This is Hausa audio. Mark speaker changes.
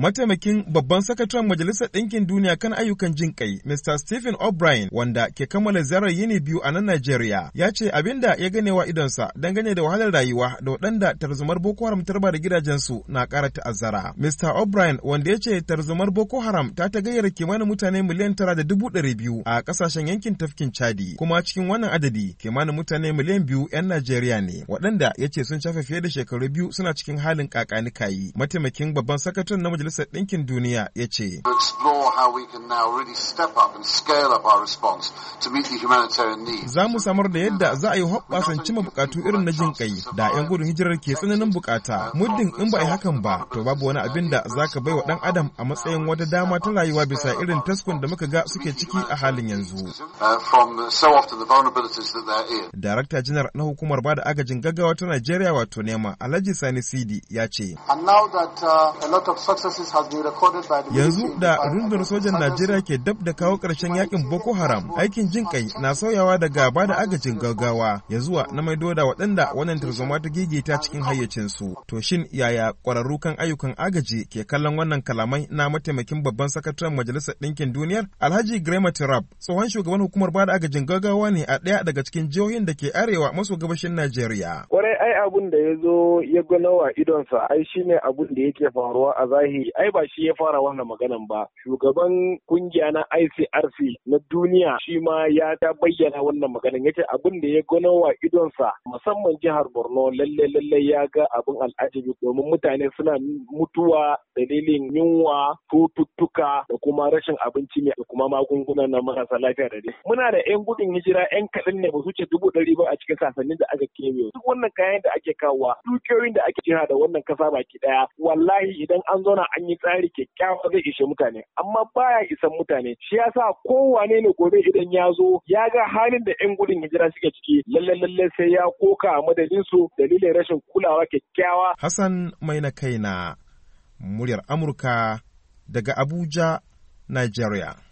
Speaker 1: mataimakin babban sakataren majalisar ɗinkin duniya kan ayyukan jin kai mr stephen o'brien wanda ke kammala ziyarar yini biyu a nan nigeria ya ce abin da ya gane wa idonsa dangane da wahalar rayuwa da waɗanda tarzumar boko haram tarba da gidajensu na ƙara ta'azzara mr o'brien wanda ya ce tarzumar boko haram ta ta tagayyar kimanin mutane miliyan tara da dubu ɗari biyu a ƙasashen yankin tafkin chadi kuma cikin wannan adadi kimanin mutane miliyan biyu 'yan Najeriya ne waɗanda ya ce sun shafe fiye da shekaru biyu suna cikin halin kakanikayi mataimakin babban sakataren na majalisar Majalisar Ɗinkin Duniya ya ce. Za mu samar da yadda za a yi hoɓɓasan cima bukatu irin na jin kai da 'yan gudun hijirar ke tsananin bukata. Muddin in ba a yi hakan ba, to babu wani abin da za ka bai wa ɗan adam a matsayin wata dama ta rayuwa bisa irin taskun da muka ga suke ciki a halin yanzu. Uh, Darakta janar na hukumar bada agajin gaggawa ta Najeriya wato nema Alhaji Sani Sidi ya ce.
Speaker 2: And now that uh, a lot of Yanzu
Speaker 1: da rundunar sojan Najeriya ke dab da kawo karshen yakin Boko Haram, aikin jin kai na sauyawa daga ba da agajin gaggawa ya zuwa na maido da waɗanda wannan tarzoma ta gigita cikin hayyacinsu. To shin yaya ƙwararru kan ayyukan agaji ke kallon wannan kalamai na mataimakin babban sakataren Majalisar Ɗinkin Duniyar? Alhaji Grema Tirab, tsohon shugaban hukumar ba da agajin gaggawa ne a ɗaya daga cikin jihohin da ke arewa maso gabashin Najeriya. Kwarai
Speaker 3: ai abun da ya zo ya gano wa idonsa ai shine abun da yake faruwa a zahiri Buhari ai ba shi ya fara wannan maganan ba. Shugaban kungiya na ICRC na duniya shi ma ya ta bayyana wannan maganan yace abin da ya gano wa idonsa musamman jihar Borno lalle lalle ya ga abin al'ajabi domin mutane suna mutuwa dalilin yunwa, tututtuka da kuma rashin abinci ne da kuma magunguna na marasa lafiya da dai. Muna da 'yan gudun hijira 'yan kaɗan ne ba su ce dubu ɗari ba a cikin sasannin da aka kewayo Duk wannan kayan da ake kawowa, dukiyoyin da ake jira da wannan kasa baki ɗaya, wallahi idan an zauna a an yi tsari kyakkyawa zai ishe mutane amma baya isan mutane shi yasa kowane ne gobe idan ya zo ya ga halin da yan gudun hijira suke ciki lalle lalle sai ya koka a madadin su
Speaker 1: dalilin rashin kulawa kyakkyawa Hassan mai Maina Kaina muryar Amurka daga Abuja Nigeria